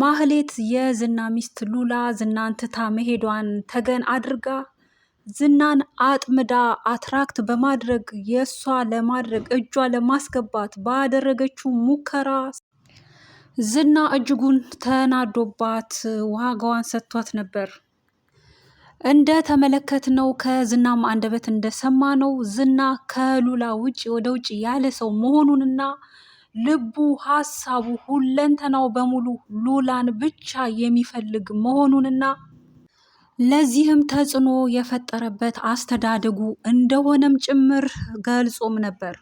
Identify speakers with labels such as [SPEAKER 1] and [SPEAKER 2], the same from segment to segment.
[SPEAKER 1] ማህሌት የዝና ሚስት ሉላ ዝናን ትታ መሄዷን ተገን አድርጋ ዝናን አጥምዳ አትራክት በማድረግ የእሷ ለማድረግ እጇ ለማስገባት ባደረገችው ሙከራ ዝና እጅጉን ተናዶባት ዋጋዋን ሰጥቷት ነበር። እንደ ተመለከት ነው ከዝናም አንደበት እንደሰማ ነው ዝና ከሉላ ውጭ ወደ ውጭ ያለ ሰው መሆኑንና ልቡ፣ ሀሳቡ፣ ሁለንተናው በሙሉ ሉላን ብቻ የሚፈልግ መሆኑንና ለዚህም ተጽዕኖ የፈጠረበት አስተዳደጉ እንደሆነም ጭምር ገልጾም ነበር።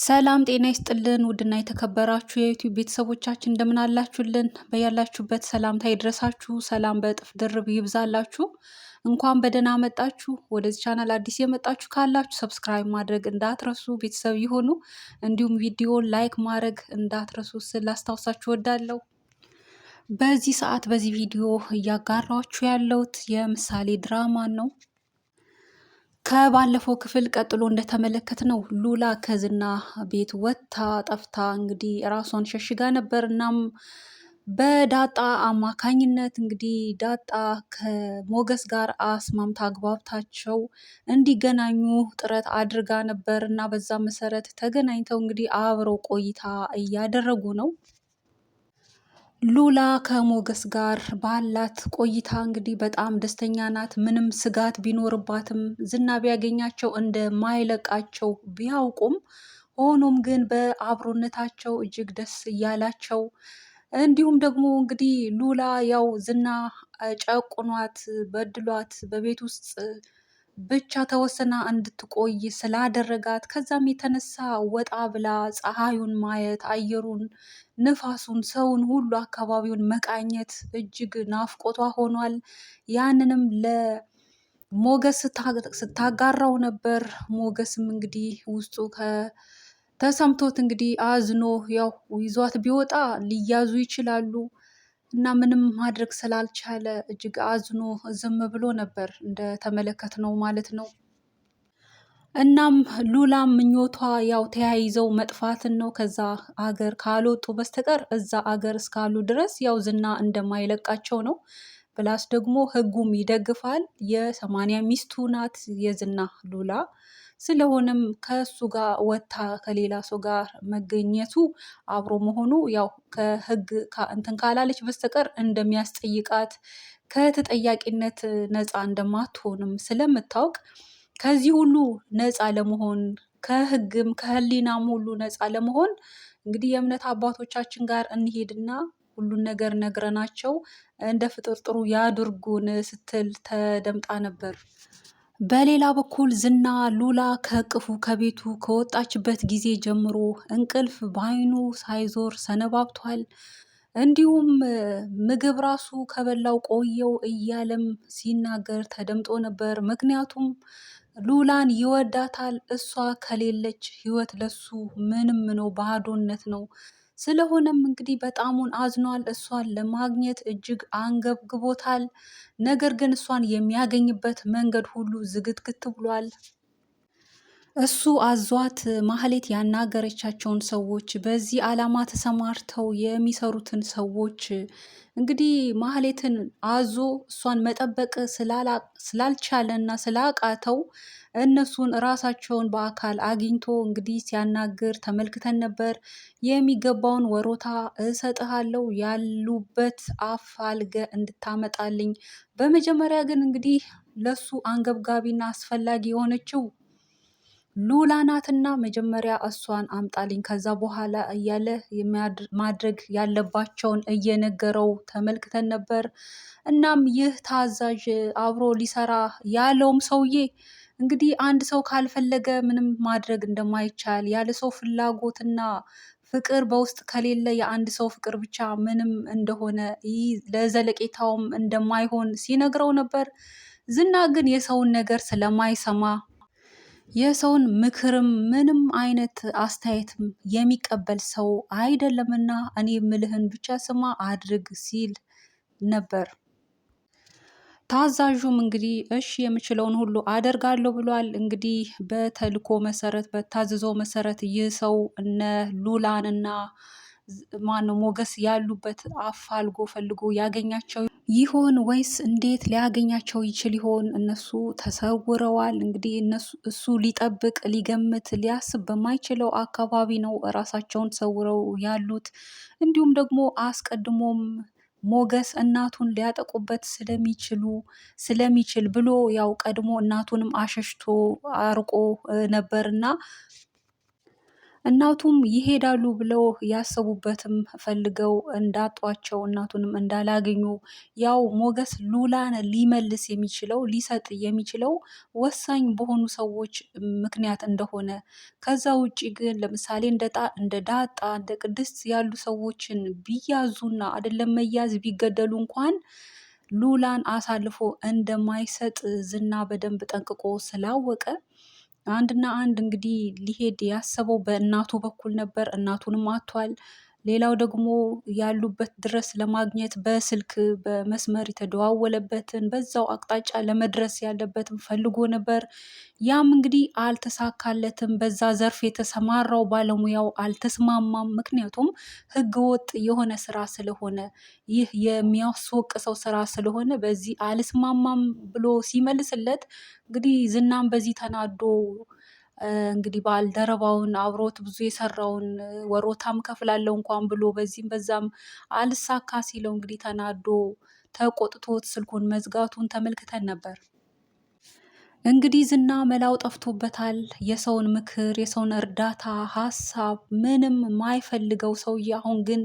[SPEAKER 1] ሰላም ጤና ይስጥልን ውድና የተከበራችሁ የዩቲዩብ ቤተሰቦቻችን እንደምን አላችሁልን? በያላችሁበት ሰላምታ ይድረሳችሁ። ሰላም በእጥፍ ድርብ ይብዛላችሁ። እንኳን በደህና መጣችሁ። ወደዚህ ቻናል አዲስ የመጣችሁ ካላችሁ ሰብስክራይብ ማድረግ እንዳትረሱ ቤተሰብ ይሆኑ፣ እንዲሁም ቪዲዮን ላይክ ማድረግ እንዳትረሱ ስል ላስታውሳችሁ ወዳለው በዚህ ሰዓት በዚህ ቪዲዮ እያጋራችሁ ያለሁት የምሳሌ ድራማ ነው። ከባለፈው ክፍል ቀጥሎ እንደተመለከት ነው ሉላ ከዝና ቤት ወጥታ ጠፍታ እንግዲህ ራሷን ሸሽጋ ነበር። እናም በዳጣ አማካኝነት እንግዲህ ዳጣ ከሞገስ ጋር አስማምታ አግባብታቸው እንዲገናኙ ጥረት አድርጋ ነበር እና በዛ መሰረት ተገናኝተው እንግዲህ አብረው ቆይታ እያደረጉ ነው። ሉላ ከሞገስ ጋር ባላት ቆይታ እንግዲህ በጣም ደስተኛ ናት። ምንም ስጋት ቢኖርባትም ዝና ቢያገኛቸው እንደማይለቃቸው ቢያውቁም ሆኖም ግን በአብሮነታቸው እጅግ ደስ እያላቸው እንዲሁም ደግሞ እንግዲህ ሉላ ያው ዝና ጨቁኗት በድሏት በቤት ውስጥ ብቻ ተወስና እንድትቆይ ስላደረጋት ከዛም የተነሳ ወጣ ብላ ፀሐዩን ማየት፣ አየሩን፣ ንፋሱን፣ ሰውን ሁሉ አካባቢውን መቃኘት እጅግ ናፍቆቷ ሆኗል። ያንንም ለሞገስ ስታጋራው ነበር። ሞገስም እንግዲህ ውስጡ ከተሰምቶት እንግዲህ አዝኖ ያው ይዟት ቢወጣ ሊያዙ ይችላሉ እና ምንም ማድረግ ስላልቻለ እጅግ አዝኖ ዝም ብሎ ነበር ነው ማለት ነው። እናም ሉላም ምኞቷ ያው ተያይዘው መጥፋትን ነው ከዛ አገር ካልወጡ በስተቀር እዛ አገር እስካሉ ድረስ ያው ዝና እንደማይለቃቸው ነው። ፕላስ ደግሞ ህጉም ይደግፋል። የሰማንያ ሚስቱ ናት የዝና ሉላ ስለሆነም ከእሱ ጋር ወታ ከሌላ ሰው ጋር መገኘቱ አብሮ መሆኑ ያው ከህግ እንትን ካላለች በስተቀር እንደሚያስጠይቃት ከተጠያቂነት ነፃ እንደማትሆንም ስለምታውቅ ከዚህ ሁሉ ነፃ ለመሆን ከህግም ከህሊናም ሁሉ ነፃ ለመሆን እንግዲህ የእምነት አባቶቻችን ጋር እንሄድና ሁሉን ነገር ነግረናቸው እንደ ፍጥርጥሩ ያድርጉን ስትል ተደምጣ ነበር። በሌላ በኩል ዝና ሉላ ከቅፉ ከቤቱ ከወጣችበት ጊዜ ጀምሮ እንቅልፍ በአይኑ ሳይዞር ሰነባብቷል። እንዲሁም ምግብ ራሱ ከበላው ቆየው እያለም ሲናገር ተደምጦ ነበር። ምክንያቱም ሉላን ይወዳታል። እሷ ከሌለች ህይወት ለሱ ምንም ነው፣ ባዶነት ነው። ስለሆነም እንግዲህ በጣሙን አዝኗል። እሷን ለማግኘት እጅግ አንገብግቦታል። ነገር ግን እሷን የሚያገኝበት መንገድ ሁሉ ዝግትግት ብሏል። እሱ አዟት ማህሌት ያናገረቻቸውን ሰዎች በዚህ ዓላማ ተሰማርተው የሚሰሩትን ሰዎች እንግዲህ ማህሌትን አዞ እሷን መጠበቅ ስላልቻለና ስላቃተው እነሱን ራሳቸውን በአካል አግኝቶ እንግዲህ ሲያናግር ተመልክተን ነበር። የሚገባውን ወሮታ እሰጥሃለሁ፣ ያሉበት አፋልገ እንድታመጣልኝ። በመጀመሪያ ግን እንግዲህ ለሱ አንገብጋቢና አስፈላጊ የሆነችው ሉላ ናትና መጀመሪያ እሷን አምጣልኝ ከዛ በኋላ እያለ ማድረግ ያለባቸውን እየነገረው ተመልክተን ነበር። እናም ይህ ታዛዥ አብሮ ሊሰራ ያለውም ሰውዬ እንግዲህ አንድ ሰው ካልፈለገ ምንም ማድረግ እንደማይቻል ያለ ሰው ፍላጎትና ፍቅር በውስጥ ከሌለ የአንድ ሰው ፍቅር ብቻ ምንም እንደሆነ ለዘለቄታውም እንደማይሆን ሲነግረው ነበር። ዝና ግን የሰውን ነገር ስለማይሰማ የሰውን ምክርም ምንም አይነት አስተያየትም የሚቀበል ሰው አይደለምና እኔ ምልህን ብቻ ስማ አድርግ ሲል ነበር። ታዛዡም እንግዲህ እሺ የምችለውን ሁሉ አደርጋለሁ ብሏል። እንግዲህ በተልኮ መሰረት በታዝዞ መሰረት ይህ ሰው እነ ሉላን እና ማነው ሞገስ ያሉበት አፋልጎ ፈልጎ ያገኛቸው ይሆን ወይስ እንዴት ሊያገኛቸው ይችል ይሆን? እነሱ ተሰውረዋል። እንግዲህ እሱ ሊጠብቅ ሊገምት ሊያስብ በማይችለው አካባቢ ነው እራሳቸውን ሰውረው ያሉት። እንዲሁም ደግሞ አስቀድሞም ሞገስ እናቱን ሊያጠቁበት ስለሚችሉ ስለሚችል ብሎ ያው ቀድሞ እናቱንም አሸሽቶ አርቆ ነበርና እናቱም ይሄዳሉ ብለው ያሰቡበትም ፈልገው እንዳጧቸው እናቱንም እንዳላገኙ ያው ሞገስ ሉላን ሊመልስ የሚችለው ሊሰጥ የሚችለው ወሳኝ በሆኑ ሰዎች ምክንያት እንደሆነ ከዛ ውጭ ግን ለምሳሌ እንደ ዳጣ እንደ ቅድስት ያሉ ሰዎችን ቢያዙና አይደለም መያዝ ቢገደሉ እንኳን ሉላን አሳልፎ እንደማይሰጥ ዝና በደንብ ጠንቅቆ ስላወቀ አንድና አንድ እንግዲህ ሊሄድ ያሰበው በእናቱ በኩል ነበር። እናቱንም አቷል። ሌላው ደግሞ ያሉበት ድረስ ለማግኘት በስልክ በመስመር የተደዋወለበትን በዛው አቅጣጫ ለመድረስ ያለበትን ፈልጎ ነበር። ያም እንግዲህ አልተሳካለትም። በዛ ዘርፍ የተሰማራው ባለሙያው አልተስማማም። ምክንያቱም ህገወጥ የሆነ ስራ ስለሆነ ይህ የሚያስወቅሰው ስራ ስለሆነ በዚህ አልስማማም ብሎ ሲመልስለት እንግዲህ ዝናም በዚህ ተናዶ እንግዲህ ባልደረባውን አብሮት ብዙ የሰራውን ወሮታም ከፍላለው እንኳን ብሎ በዚህም በዛም አልሳካ ሲለው እንግዲህ ተናዶ ተቆጥቶት ስልኩን መዝጋቱን ተመልክተን ነበር። እንግዲህ ዝና መላው ጠፍቶበታል። የሰውን ምክር፣ የሰውን እርዳታ፣ ሀሳብ ምንም የማይፈልገው ሰውዬ አሁን ግን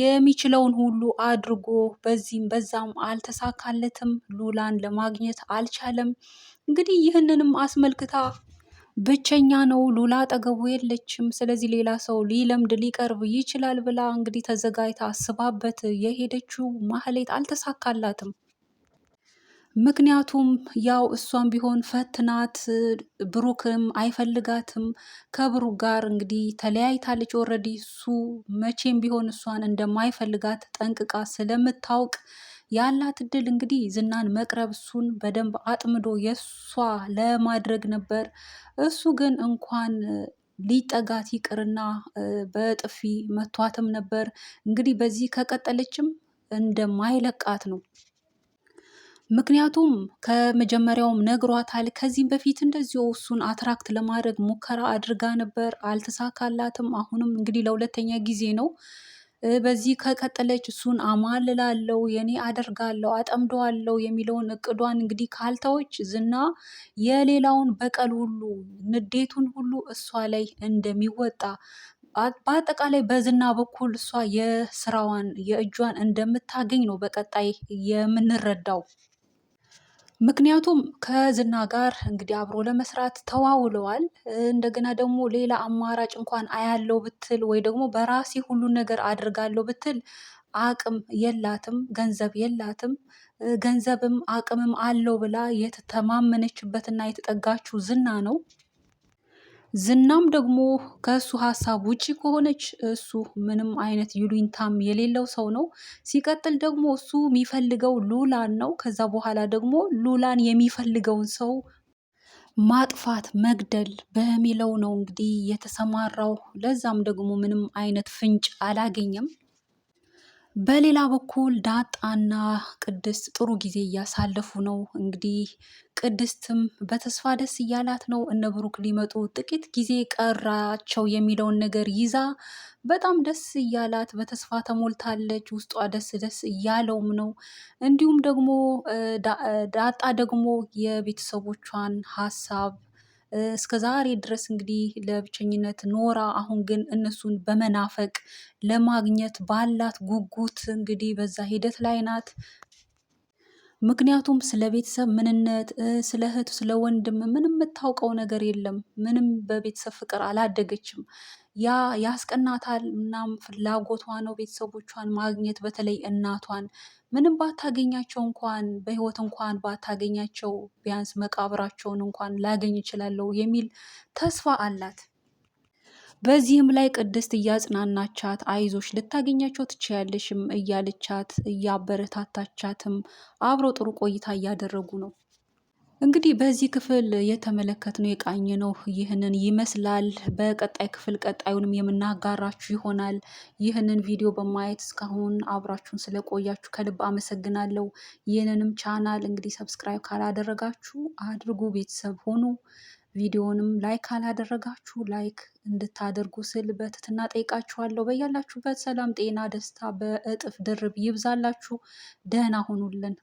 [SPEAKER 1] የሚችለውን ሁሉ አድርጎ በዚህም በዛም አልተሳካለትም። ሉላን ለማግኘት አልቻለም። እንግዲህ ይህንንም አስመልክታ ብቸኛ ነው፣ ሉላ አጠገቡ የለችም። ስለዚህ ሌላ ሰው ሊለምድ ሊቀርብ ይችላል ብላ እንግዲህ ተዘጋጅታ አስባበት የሄደችው ማህሌት አልተሳካላትም። ምክንያቱም ያው እሷም ቢሆን ፈትናት ብሩክም አይፈልጋትም። ከብሩክ ጋር እንግዲህ ተለያይታለች። ኦልሬዲ እሱ መቼም ቢሆን እሷን እንደማይፈልጋት ጠንቅቃ ስለምታውቅ ያላት እድል እንግዲህ ዝናን መቅረብ እሱን በደንብ አጥምዶ የሷ ለማድረግ ነበር። እሱ ግን እንኳን ሊጠጋት ይቅርና በጥፊ መቷትም ነበር። እንግዲህ በዚህ ከቀጠለችም እንደማይለቃት ነው። ምክንያቱም ከመጀመሪያውም ነግሯታል። ከዚህም በፊት እንደዚሁ እሱን አትራክት ለማድረግ ሙከራ አድርጋ ነበር፣ አልተሳካላትም። አሁንም እንግዲህ ለሁለተኛ ጊዜ ነው በዚህ ከቀጠለች እሱን አማልላለው የኔ አደርጋለው አጠምደዋለው የሚለውን እቅዷን እንግዲህ ካልተወች ዝና የሌላውን በቀል ሁሉ ንዴቱን ሁሉ እሷ ላይ እንደሚወጣ በአጠቃላይ በዝና በኩል እሷ የስራዋን የእጇን እንደምታገኝ ነው በቀጣይ የምንረዳው። ምክንያቱም ከዝና ጋር እንግዲህ አብሮ ለመስራት ተዋውለዋል። እንደገና ደግሞ ሌላ አማራጭ እንኳን አያለው ብትል ወይ ደግሞ በራሴ ሁሉን ነገር አድርጋለሁ ብትል አቅም የላትም፣ ገንዘብ የላትም። ገንዘብም አቅምም አለው ብላ የተተማመነችበትና የተጠጋችው ዝና ነው። ዝናም ደግሞ ከእሱ ሀሳብ ውጪ ከሆነች እሱ ምንም አይነት ይሉኝታም የሌለው ሰው ነው። ሲቀጥል ደግሞ እሱ የሚፈልገው ሉላን ነው። ከዛ በኋላ ደግሞ ሉላን የሚፈልገውን ሰው ማጥፋት መግደል በሚለው ነው እንግዲህ የተሰማራው። ለዛም ደግሞ ምንም አይነት ፍንጭ አላገኘም። በሌላ በኩል ዳጣና ቅድስት ጥሩ ጊዜ እያሳለፉ ነው። እንግዲህ ቅድስትም በተስፋ ደስ እያላት ነው። እነ ብሩክ ሊመጡ ጥቂት ጊዜ ቀራቸው የሚለውን ነገር ይዛ በጣም ደስ እያላት በተስፋ ተሞልታለች። ውስጧ ደስ ደስ እያለውም ነው። እንዲሁም ደግሞ ዳጣ ደግሞ የቤተሰቦቿን ሀሳብ እስከ ዛሬ ድረስ እንግዲህ ለብቸኝነት ኖራ አሁን ግን እነሱን በመናፈቅ ለማግኘት ባላት ጉጉት እንግዲህ በዛ ሂደት ላይ ናት። ምክንያቱም ስለ ቤተሰብ ምንነት፣ ስለ እህት፣ ስለ ወንድም ምንም የምታውቀው ነገር የለም። ምንም በቤተሰብ ፍቅር አላደገችም። ያ ያስቀናታል። እናም ፍላጎቷ ነው ቤተሰቦቿን ማግኘት በተለይ እናቷን ምንም ባታገኛቸው እንኳን በህይወት እንኳን ባታገኛቸው ቢያንስ መቃብራቸውን እንኳን ላገኝ እችላለሁ የሚል ተስፋ አላት። በዚህም ላይ ቅድስት እያጽናናቻት አይዞሽ ልታገኛቸው ትችያለሽም እያለቻት እያበረታታቻትም አብሮ ጥሩ ቆይታ እያደረጉ ነው። እንግዲህ በዚህ ክፍል የተመለከትነው የቃኘነው ይህንን ይመስላል። በቀጣይ ክፍል ቀጣዩንም የምናጋራችሁ ይሆናል። ይህንን ቪዲዮ በማየት እስካሁን አብራችሁን ስለቆያችሁ ከልብ አመሰግናለሁ። ይህንንም ቻናል እንግዲህ ሰብስክራይብ ካላደረጋችሁ አድርጉ፣ ቤተሰብ ሆኑ። ቪዲዮንም ላይክ ካላደረጋችሁ ላይክ እንድታደርጉ ስል በትህትና ጠይቃችኋለሁ። በያላችሁበት ሰላም፣ ጤና፣ ደስታ በእጥፍ ድርብ ይብዛላችሁ። ደህና ሁኑልን።